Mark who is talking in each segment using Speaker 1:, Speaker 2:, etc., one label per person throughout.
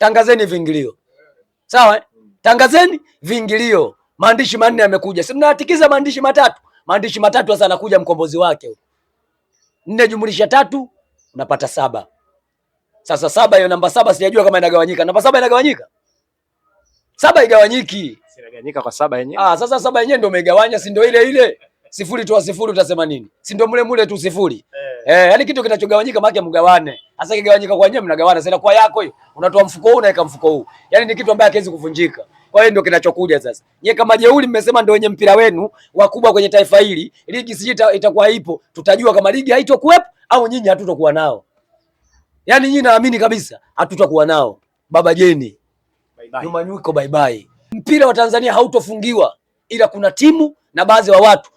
Speaker 1: tangazeni viingilio sawa eh? Tangazeni viingilio, maandishi manne yamekuja, si mnatikiza maandishi matatu, maandishi matatu sasa anakuja mkombozi wake. Nne jumlisha tatu unapata saba. Sasa saba hiyo namba saba sijajua kama inagawanyika. Namba saba inagawanyika? Saba igawanyiki. Sinagawanyika kwa saba yenyewe. Ah, sasa saba yenyewe ndio umegawanya, si ndio ile ile? Sifuri toa sifuri utasema nini? Si ndio mule mule tu sifuri. Eh. Eh, yani kitu kinachogawanyika maana mgawane. Sasa kigawanyika kwa nyewe mnagawana. Sasa inakuwa yako hiyo unatoa mfuko huu unaweka mfuko huu. Yaani ni kitu ambacho hakiwezi kuvunjika. Kwa hiyo ndio kinachokuja sasa. Nyie kama jeuli mmesema ndio wenye mpira wenu wakubwa kwenye taifa hili. Ligi siji itakuwa ipo. Tutajua kama ligi haitokuwepo au nyinyi hatutakuwa nao. Yaani nyinyi naamini kabisa hatutakuwa nao. Baba Jeni. Bye bye. Nyuma nyuko bye bye. Mpira wa Tanzania hautofungiwa ila kuna timu na baadhi wa watu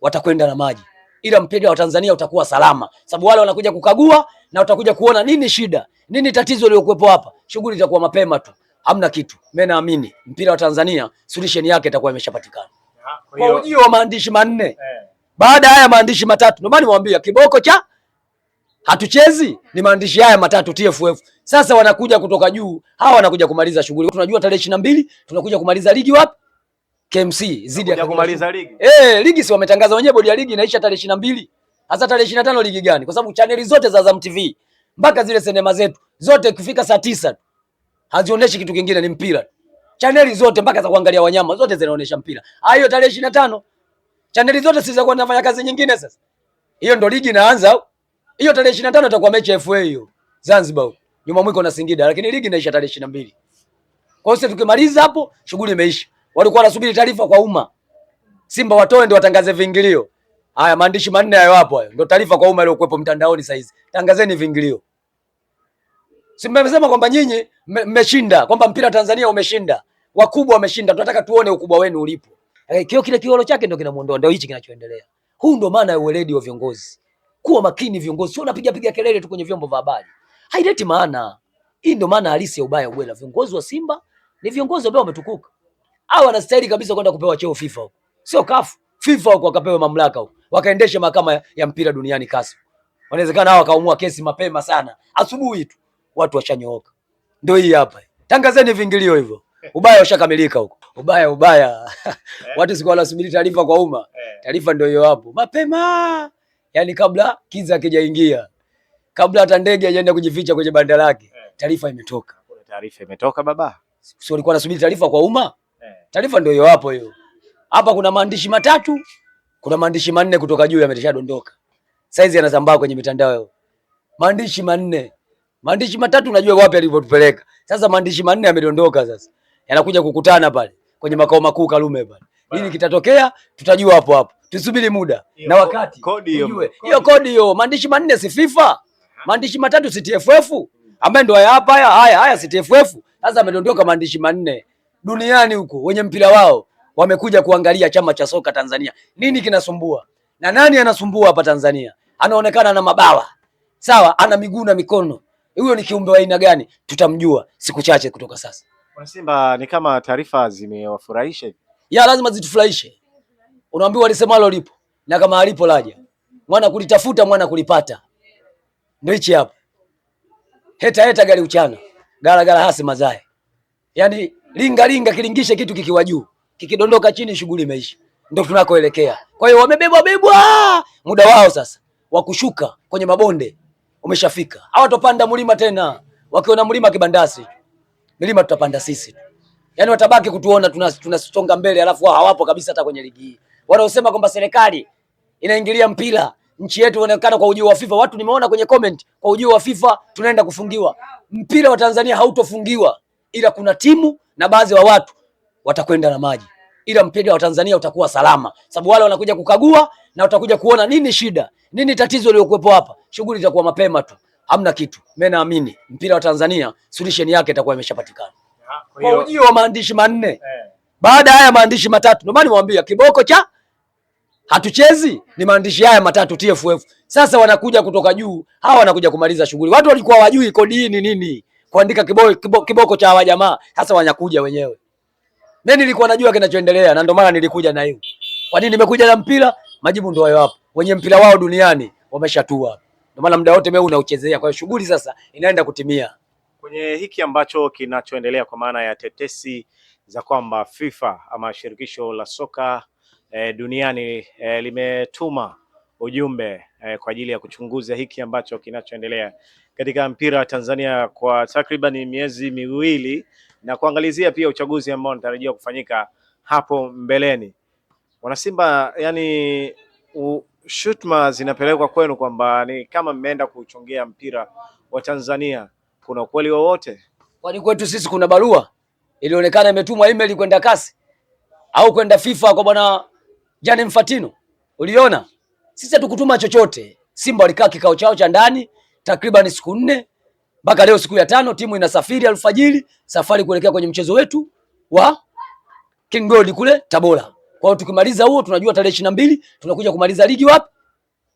Speaker 1: watakwenda na maji ila mpendwa wa Tanzania utakuwa salama, sababu wale wanakuja kukagua na utakuja kuona nini shida, nini tatizo lililokuwepo hapa. Shughuli itakuwa mapema tu, hamna kitu. Mimi naamini mpira wa Tanzania solution yake itakuwa imeshapatikana ah, kwa ujio wa maandishi manne eh. Baada ya haya maandishi matatu, ndio maana nimwambia kiboko cha hatuchezi ni maandishi haya matatu TFF. Sasa wanakuja kutoka juu, hawa wanakuja kumaliza shughuli. Tunajua tarehe ishirini na mbili tunakuja kumaliza ligi wapi? KMC zidi ya kumaliza ligi. Eh, ligi si wametangaza wenyewe, bodi ya ligi inaisha tarehe 22. Hasa tarehe 25 ligi gani? Kwa sababu chaneli zote za Azam TV mpaka zile sinema zetu zote kufika saa tisa hazionyeshi kitu kingine, ni mpira. Chaneli zote mpaka za kuangalia wanyama zote zinaonyesha mpira. Ah, hiyo tarehe 25 chaneli zote si za kwenda kufanya kazi nyingine. Sasa hiyo ndo ligi inaanza. Hiyo tarehe 25 itakuwa mechi ya FA hiyo Zanzibar, nyuma mwiko na Singida, lakini ligi inaisha tarehe 22. Kwa hiyo tukimaliza hapo shughuli imeisha walikuwa wanasubiri taarifa kwa umma. Simba watoe ndio watangaze viingilio. Haya maandishi manne hayo hapo hayo. Ndio taarifa kwa umma iliyokuwepo mtandaoni sasa hizi. Tangazeni viingilio. Simba amesema kwamba nyinyi mmeshinda, kwamba mpira wa Tanzania umeshinda. Wakubwa wameshinda. Tunataka tuone ukubwa wenu ulipo. Kio kile kiolo chake ndio kinamuondoa, ndio hichi kinachoendelea. Huu ndio maana ya uweledi wa viongozi. Kuwa makini viongozi, sio unapiga piga kelele tu kwenye vyombo vya habari. Haileti maana. Hii ndio maana halisi ya ubaya ubwela. Viongozi wa Simba ni viongozi ambao wametukuka au wanastahili kabisa kwenda kupewa cheo FIFA huko, sio CAF. FIFA huko, akapewa mamlaka huko, wakaendeshe mahakama ya mpira duniani kasi. Wanawezekana hao wakaamua kesi mapema sana, asubuhi tu watu washanyooka. Ndio hii hapa, tangazeni vingilio hivyo, eh. ubaya ushakamilika huko, ubaya ubaya eh. watu siku wanasubiri taarifa kwa umma, eh. taarifa ndio hiyo hapo mapema, yani kabla kiza akijaingia, kabla hata ndege haijaenda kujificha kwenye banda lake, taarifa imetoka. Taarifa imetoka baba, sio walikuwa unasubiri taarifa kwa umma Taarifa ndio hiyo hapo hiyo. Hapa kuna maandishi matatu, kuna maandishi manne kutoka juu yameshadondoka. Saizi yanasambaa kwenye mitandao. Maandishi manne. Maandishi matatu unajua wapi alivyotupeleka. Sasa maandishi manne yamedondoka sasa. Yanakuja kukutana pale kwenye makao makuu Karume pale. Nini kitatokea? Tutajua hapo hapo. Tusubiri muda yo, na wakati. Kodi hiyo. Hiyo kodi hiyo. Maandishi manne si FIFA. Maandishi matatu si TFF. Ambaye ndo haya hapa haya haya si TFF. Sasa amedondoka maandishi manne duniani huko wenye mpira wao wamekuja kuangalia chama cha soka Tanzania. Nini kinasumbua na nani anasumbua hapa Tanzania? Anaonekana na mabawa sawa, ana miguu na mikono. Huyo ni kiumbe wa aina gani? Tutamjua siku chache kutoka sasa.
Speaker 2: Kwa Simba ni kama taarifa
Speaker 1: zimewafurahisha hivi ya lazima zitufurahishe. Unaambiwa alisema alo lipo na kama alipo laja, mwana kulitafuta mwana kulipata. Ndio hichi hapa heta heta gari uchana gara gara hasi mazae, yaani linga linga kilingishe kitu kikiwa juu, kikidondoka chini shughuli imeisha. Ndio tunakoelekea. Kwa hiyo wamebebwa bebwa, muda wao sasa wa kushuka kwenye mabonde umeshafika. Hawatopanda mlima tena, wakiona mlima kibandasi, milima tutapanda sisi. Yaani watabaki kutuona tunasonga mbele, alafu wao hawapo kabisa hata kwenye ligi Wanaosema kwamba serikali inaingilia mpira nchi yetu inaonekana kwa ujio wa FIFA. Watu nimeona kwenye comment, kwa ujio wa FIFA tunaenda kufungiwa. Mpira wa Tanzania hautofungiwa ila kuna timu na baadhi wa watu watakwenda na maji, ila mpira wa Tanzania utakuwa salama, sababu wale wanakuja kukagua na watakuja kuona nini shida, nini tatizo liliokuwepo hapa. Shughuli itakuwa mapema tu, hamna kitu. Mimi naamini mpira wa Tanzania solution yake itakuwa imeshapatikana
Speaker 2: kwa ujio wa maandishi
Speaker 1: manne eh. Baada haya maandishi matatu, ndio maana niwaambia kiboko cha hatuchezi ni maandishi haya matatu TFF. Sasa wanakuja kutoka juu, hawa wanakuja kumaliza shughuli. Watu walikuwa wajui kodi hii ni nini kuandika kiboko, kibo, kiboko cha wajamaa hasa wanyakuja wenyewe. Mimi nilikuwa najua kinachoendelea na ndio maana nilikuja na hiyo. Kwa nini nimekuja na mpira? Majibu ndio hayo hapo. Wenye mpira wao duniani wameshatua. Ndio maana muda wote mimi unauchezea. Kwa hiyo shughuli sasa inaenda kutimia.
Speaker 2: Kwenye hiki ambacho kinachoendelea kwa maana ya tetesi za kwamba FIFA ama shirikisho la soka eh, duniani eh, limetuma ujumbe eh, kwa ajili ya kuchunguza hiki ambacho kinachoendelea katika mpira wa Tanzania kwa takriban miezi miwili na kuangalizia pia uchaguzi ambao unatarajiwa kufanyika hapo mbeleni. Wanasimba, yani shutma zinapelekwa kwenu kwamba ni kama mmeenda kuchongea mpira wa Tanzania.
Speaker 1: Kuna ukweli wowote? Kwani kwetu sisi kuna barua ilionekana imetumwa email kwenda kasi au kwenda FIFA kwa bwana Gianni Infantino, uliona? Sisi hatukutuma chochote. Simba walikaa kikao chao cha ndani takriban siku nne mpaka leo siku ya tano, timu inasafiri alfajiri, safari kuelekea kwenye mchezo wetu wa King Gold kule Tabora. Kwa hiyo tukimaliza huo, tunajua tarehe ishirini na mbili tunakuja kumaliza ligi wapi?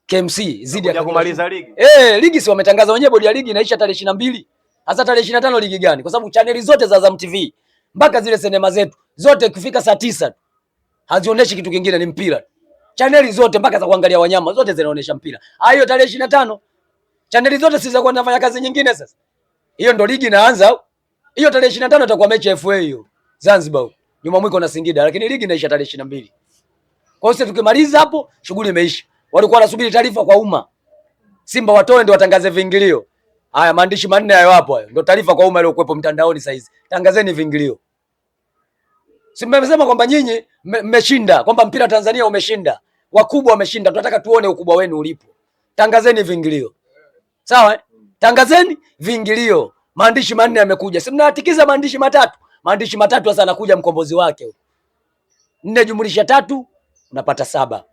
Speaker 1: KMC zidi ya kumaliza ligi. Eh, ligi si wametangaza wenyewe, bodi ya ligi inaisha tarehe ishirini na mbili hasa tarehe ishirini na tano ligi gani? Kwa sababu chaneli zote za Azam TV mpaka zile sinema zetu zote, ikifika saa tisa hazionyeshi kitu kingine, ni mpira tu chaneli zote mpaka za kuangalia wanyama zote zinaonyesha mpira. Ah, hiyo tarehe ishirini na tano chaneli zote kuwa nafanya kazi nyingine. Sasa hiyo ndo ligi inaanza. Hiyo tarehe ishirini na tano itakuwa mechi ya FA hiyo Zanzibar nyuma mwiko na Singida, lakini ligi inaisha tarehe ishirini na mbili. Kwa hiyo tukimaliza hapo shughuli imeisha. Walikuwa wanasubiri taarifa kwa umma, Simba watoe ndio watangaze viingilio. Haya maandishi manne hayo hapo, hayo ndio taarifa kwa umma iliyokuwepo mtandaoni. Saizi tangazeni viingilio. Mmesema kwamba nyinyi mmeshinda, kwamba mpira Tanzania umeshinda, wakubwa wameshinda. Tunataka tuone ukubwa wenu ulipo. Tangazeni viingilio, sawa eh? Tangazeni viingilio. Maandishi manne yamekuja, si mnatikiza maandishi matatu? Maandishi matatu sasa, anakuja mkombozi wake nne jumlisha tatu unapata saba.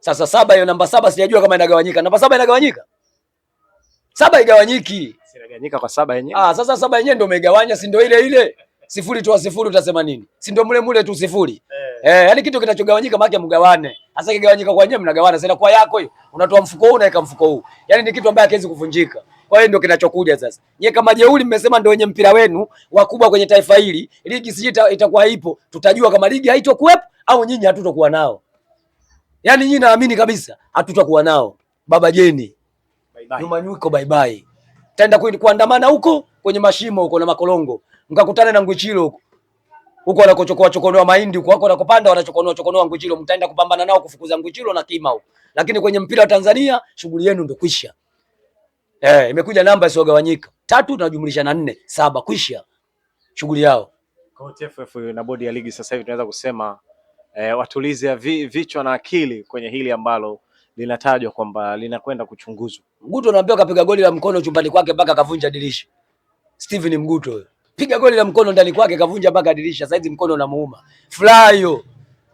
Speaker 1: Sasa saba hiyo namba saba sijajua kama inagawanyika. Namba saba inagawanyika? Saba igawanyiki, sinagawanyika kwa saba yenyewe. Ah, sasa saba yenyewe ndio umegawanya, si ndio ile ile sifuri toa sifuri utasema nini? Si ndio mule mule tu sifuri. Eh, eh, yani kitu kinachogawanyika maki mgawane. Hasa kigawanyika kwa nyewe mnagawana. Sasa kwa yako hiyo unatoa mfuko huu unaweka mfuko huu. Yani ni kitu ambacho hakiwezi kuvunjika. Kwa hiyo ndio kinachokuja sasa. Nye kama jeuli mmesema ndio wenye mpira wenu wakubwa kwenye taifa hili. Ligi siji itakuwa ipo. Tutajua kama ligi haitokuwepo au nyinyi hatutakuwa nao. Yani nyinyi naamini kabisa hatutakuwa nao. Baba Jeni. Bye bye. Nyuma nyuko bye bye. Taenda kuandamana huko kwenye mashimo huko na makolongo mkakutane na Ngwichilo huko huko wanakochokoa chokonoa mahindi huko wako wanakopanda wanachokonoa chokonoa Ngwichilo, mtaenda kupambana nao kufukuza Ngwichilo na kima huko, lakini kwenye mpira wa Tanzania shughuli yenu ndio kwisha. Eh, imekuja namba sio gawanyika. tatu tunajumlisha na nne saba, kwisha shughuli yao. Kwa TFF na bodi ya
Speaker 2: ligi sasa hivi tunaweza kusema eh, watulize vi, vichwa na akili kwenye hili ambalo
Speaker 1: linatajwa kwamba linakwenda kuchunguzwa. Mguto anaambiwa kapiga goli la mkono chumbani kwake mpaka kavunja dirisha. Steven Mguto huyo piga goli la mkono ndani kwake, kavunja mpaka dirisha, saizi mkono unamuuma. Furaha hiyo,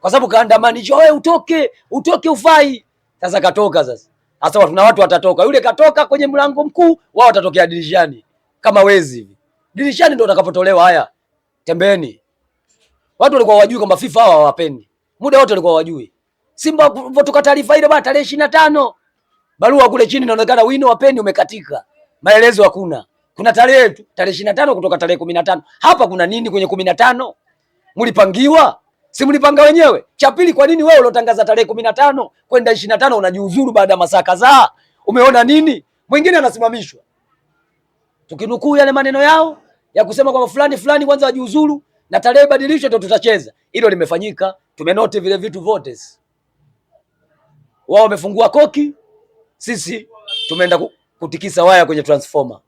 Speaker 1: kwa sababu kaandamani hicho, wewe utoke, utoke ufai. Sasa katoka, sasa sasa watu na watu watatoka, yule katoka kwenye mlango mkuu, wao watatokea dirishani kama wezi hivi. Dirishani ndio utakapotolewa. Haya, tembeni. Watu walikuwa wajui kwamba FIFA hawa hawapendi muda wote, walikuwa wajui Simba votoka taarifa ile bana, tarehe 25 barua kule chini inaonekana wino wa umekatika, maelezo hakuna. Kuna tarehe yetu tarehe ishirini na tano kutoka tarehe kumi na tano hapa kuna nini kwenye kumi na tano? Mlipangiwa? Si mlipanga wenyewe? Cha pili, kwa nini wewe uliotangaza tarehe kumi na tano kwenda ishirini na tano unajiuzuru baada ya masaa kadhaa? Umeona nini? Mwingine anasimamishwa tukinukuu yale maneno yao ya kusema kwamba fulani fulani kwanza wajiuzuru na tarehe badilishwe ndio tutacheza. Hilo limefanyika, tumenote vile vitu vote. Wao wamefungua koki, sisi tumeenda kutikisa waya kwenye transformer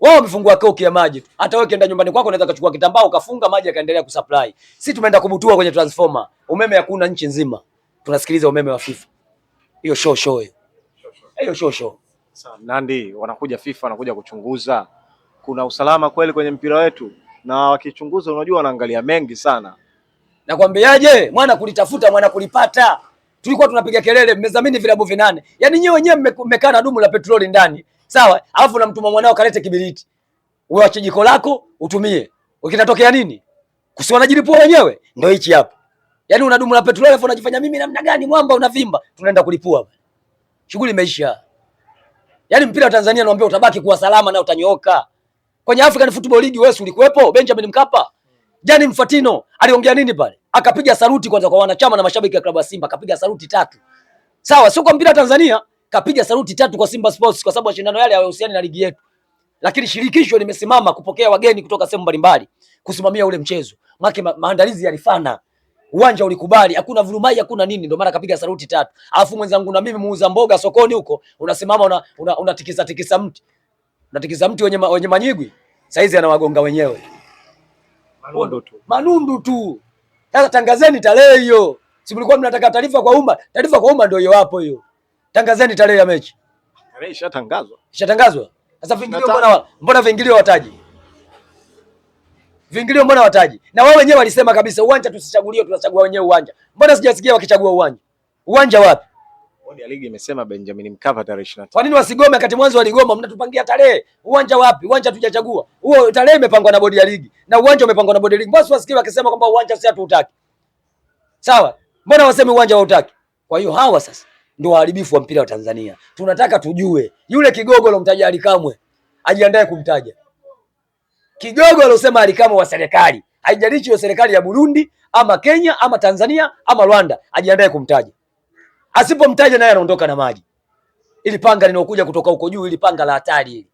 Speaker 1: wao wamefungua koki ya maji Hata wewe ukienda nyumbani kwako unaweza kuchukua kitambaa ukafunga maji yakaendelea kusupply. Sisi tumeenda kubutua kwenye transformer. Umeme hakuna nchi nzima. Tunasikiliza umeme wa FIFA. Hiyo show show hiyo. Hiyo show show. Sasa Nandi wanakuja FIFA wanakuja kuchunguza.
Speaker 2: Kuna usalama kweli kwenye mpira wetu na wakichunguza, unajua wanaangalia mengi sana.
Speaker 1: Nakwambiaje, mwana kulitafuta mwana kulipata. Tulikuwa tunapiga kelele, mmezamini vilabu vinane. Yaani nyewe wenyewe mmekaa na dumu la petroli ndani sawa, alafu namtuma mwanao kalete kibiriti, wewe acha jiko lako utumie, ukitatokea nini? Kusi wanajilipua wenyewe, ndio hichi hapa. Yani unadumu na petroli alafu unajifanya mimi namna gani, mwamba unavimba, tunaenda kulipua hapa, shughuli imeisha. Yaani mpira wa Tanzania naambia utabaki kuwa salama na utanyooka. Kwenye African Football League wewe ulikuwepo Benjamin Mkapa? Jani Mfatino aliongea nini pale? Akapiga saluti kwanza kwa wanachama na mashabiki ya klabu ya Simba, akapiga saluti tatu. Sawa, sio kwa mpira wa Tanzania kapiga saluti tatu kwa Simba Sports kwa sababu mashindano yale hayahusiani na ligi yetu, lakini shirikisho limesimama kupokea wageni kutoka sehemu mbalimbali kusimamia ule mchezo make ma, maandalizi yalifana, uwanja ulikubali, hakuna vurumai, hakuna nini, ndio maana kapiga saluti tatu. Alafu mwenzangu na mimi muuza mboga sokoni huko, unasimama una, una, una tikisa, tikisa mti unatikisa mti wenye, wenye manyigwi saizi anawagonga wenyewe manundu tu, manundu tu. Sasa tangazeni tarehe hiyo, si mlikuwa mnataka taarifa kwa umma? Taarifa kwa umma ndio hiyo hapo hiyo Tangazeni tarehe ya mechi. Tarehe
Speaker 2: ishatangazwa.
Speaker 1: Ishatangazwa? Sasa vingilio mbona wala? Mbona vingilio wataji? Vingilio mbona wataji? Na wao wenyewe walisema kabisa uwanja tusichagulie, tunachagua wenyewe uwanja. Mbona sijasikia wakichagua uwanja? Uwanja wapi?
Speaker 2: Bodi ya ligi imesema Benjamin Mkapa tarehe 25.
Speaker 1: Kwa nini wasigome wakati mwanzo waligoma? Mnatupangia tarehe. Uwanja wapi? Uwanja tujachagua. Huo tarehe imepangwa na bodi ya ligi na uwanja umepangwa na bodi ya ligi. Mbona wasikie wakisema kwamba uwanja sisi hatutaki? Sawa? Mbona waseme uwanja hautaki? Kwa hiyo hawa sasa ndio waharibifu wa mpira wa Tanzania. Tunataka tujue yule kigogo alomtaja Alikamwe ajiandae kumtaja kigogo alosema Alikamwe wa serikali, haijalishi wa serikali ya Burundi ama Kenya ama Tanzania ama Rwanda, ajiandae kumtaja. Asipomtaja naye anaondoka na maji. Ili panga linaokuja kutoka huko juu, ili panga la hatari, ili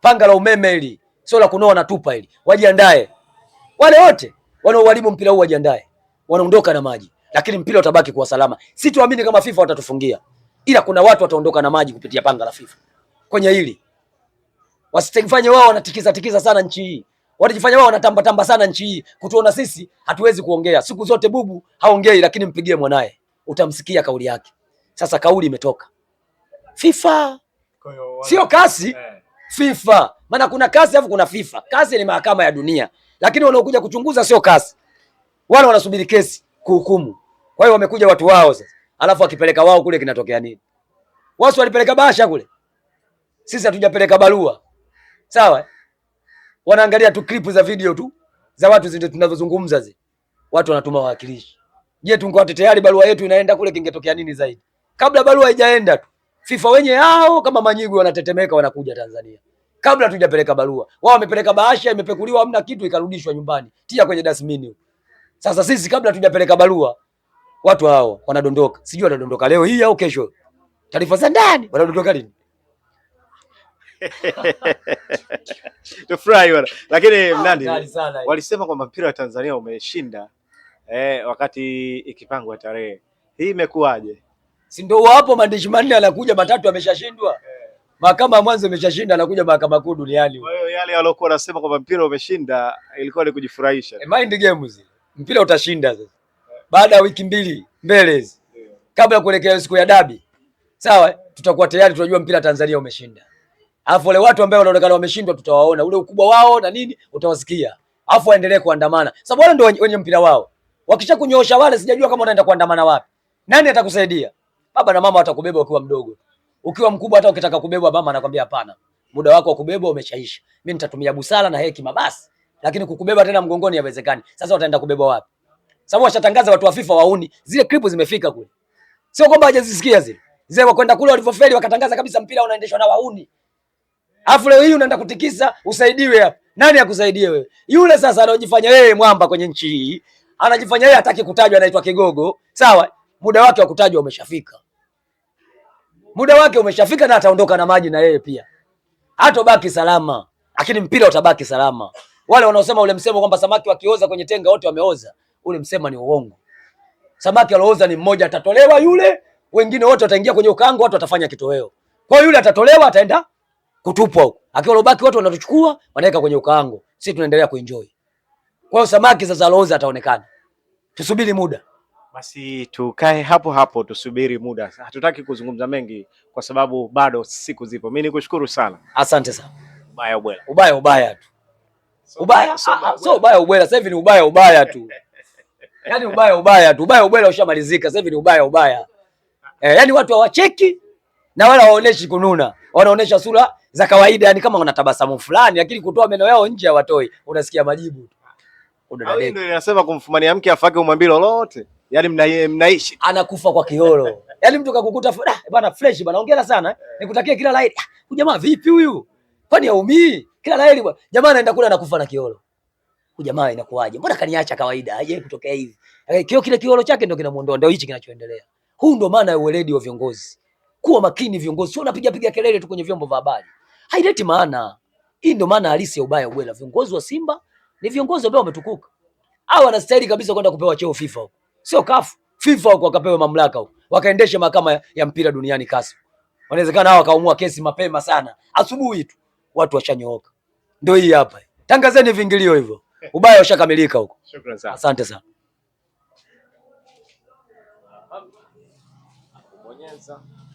Speaker 1: panga la umeme, ili sio la kunoa na tupa, ili wajiandae. Wale wote wanaoharibu mpira huu wajiandae, wanaondoka na maji lakini mpira utabaki kuwa salama. Si tuamini kama FIFA watatufungia, ila kuna watu wataondoka na maji kupitia panga la FIFA kwenye hili. Wasifanye wao wanatikiza tikiza sana nchi hii, watajifanya wao wanatamba tamba sana nchi hii, kutuona sisi hatuwezi kuongea. Siku zote bubu haongei, lakini mpigie mwanaye, utamsikia kauli yake. Sasa kauli imetoka FIFA, sio kasi eh. FIFA, maana kuna kasi alafu kuna FIFA. Kasi ni mahakama ya dunia, lakini wanaokuja kuchunguza sio kasi, wale wanasubiri kesi kuhukumu. Kwa hiyo wamekuja watu wao sasa, alafu akipeleka wao kule kinatokea nini? Wasi walipeleka basha kule, sisi hatujapeleka barua, sawa? Wanaangalia tu clip za video tu za watu zile tunazozungumza zile, watu wanatuma wawakilishi. Je, tungekuwa tayari barua yetu inaenda kule, kingetokea nini zaidi? Kabla barua haijaenda tu FIFA wenye hao kama manyigwi wanatetemeka, wanakuja Tanzania kabla tujapeleka barua. Wao wamepeleka bahasha, imepekuliwa, hamna kitu, ikarudishwa nyumbani, tia kwenye dasmini. Sasa sisi kabla tujapeleka barua, watu hao wanadondoka, sijui wanadondoka leo hii au kesho, taarifa za ndani, wanadondoka lini?
Speaker 2: Tufurahi bwana, lakini ah, Mnandi walisema kwamba mpira wa Tanzania umeshinda
Speaker 1: eh, wakati ikipangwa tarehe hii, imekuwaje? Si ndio hapo, maandishi manne anakuja, matatu ameshashindwa mahakama ya mwanzo imeshashinda, anakuja mahakama kuu duniani. Kwa
Speaker 2: hiyo yale waliokuwa wanasema kwamba mpira umeshinda ilikuwa ni kujifurahisha, eh, mind games
Speaker 1: mpira utashinda sasa, baada ya wiki mbili mbele hizi, kabla kuelekea siku ya dabi, sawa, tutakuwa tayari tunajua mpira Tanzania umeshinda. Alafu wale watu ambao wanaonekana wameshindwa, tutawaona ule ukubwa wao na nini, utawasikia. Alafu waendelee kuandamana, sababu wale ndio wenye mpira wao. Wakishakunyoosha wale, sijajua kama wanaenda kuandamana wapi. Nani atakusaidia? Baba na mama watakubeba ukiwa mdogo. Ukiwa mkubwa, hata ukitaka kubebwa, mama anakwambia hapana, muda wako wa kubebwa umeshaisha. Mimi nitatumia busara na hekima basi lakini kukubeba tena mgongoni haiwezekani. Sasa wataenda kubeba wapi? Sababu washatangaza watu wa FIFA wauni, zile clip zimefika kule, sio kwamba hajazisikia zile zile. Wakwenda kule walivyofeli, wakatangaza kabisa mpira unaendeshwa na wauni, afu leo hii unaenda kutikisa usaidiwe hapa. Nani akusaidie wewe? Yule sasa anaojifanya yeye mwamba kwenye nchi hii, anajifanya yeye hataki kutajwa, anaitwa kigogo. Sawa, muda wake wa kutajwa umeshafika, muda wake umeshafika, na ataondoka na maji na yeye pia, hatobaki salama, lakini mpira utabaki salama. Wale wanaosema ule msemo kwamba samaki wakioza kwenye tenga wote wameoza, ule msemo ni uongo. Samaki aliooza ni mmoja, atatolewa yule, wengine wote wataingia kwenye ukango, watu watafanya kitoweo. Kwa hiyo yule atatolewa, ataenda kutupwa huko, akiwa lobaki watu wanatuchukua wanaweka kwenye ukango, sisi tunaendelea kuenjoy. Kwa hiyo samaki sasa aliooza ataonekana, tusubiri muda basi tukae hapo hapo, tusubiri muda. Hatutaki
Speaker 2: kuzungumza mengi kwa sababu bado siku zipo. Mimi nikushukuru sana,
Speaker 1: asante sana. Ubaya ubwela, ubaya ubaya tu ubaya sio ubaya ah, ah, ubwela. Sasa hivi ni ubaya ubaya tu yaani ubaya ubaya tu, ubaya ubwela ushamalizika. Sasa hivi ni ubaya ubaya eh, yaani watu hawacheki na wala waoneshi kununa, wanaonesha sura za kawaida, yani kama wanatabasamu fulani, lakini kutoa meno yao nje hawatoi. Unasikia majibu ndio inasema kumfumania mke afake umwambie lolote, yani mna, mnaishi anakufa kwa kiholo yani mtu kakukuta ah, bwana fresh bwana, ongera sana, nikutakia kila la heri. Jamaa vipi huyu, kwani haumii? Kila laheri bwana. Jamaa anaenda kula anakufa na kiolo. Jamaa inakuaje? Mbona kaniacha kawaida? Aje kutokea hivi. Eh, kio kile kiolo chake ndio kinamuondoa, ndio hichi kinachoendelea. Huu ndio maana ya uweledi wa viongozi. Kuwa makini viongozi, sio unapiga piga kelele tu kwenye vyombo vya habari. Haileti maana. Hii ndio maana halisi ya ubaya ubwela. Viongozi wa Simba ni viongozi ambao wametukuka. Hao wanastahili kabisa kwenda kupewa cheo FIFA huko. Sio kafu. FIFA huko wakapewa mamlaka huko. Wakaendesha mahakama ya mpira duniani kasi. Wanawezekana hao wakaamua kesi mapema sana. Asubuhi tu watu washanyooka ndio hii hapa. Tangazeni vingilio hivyo, ubaya ushakamilika huko. asante sana.
Speaker 2: Bonyeza.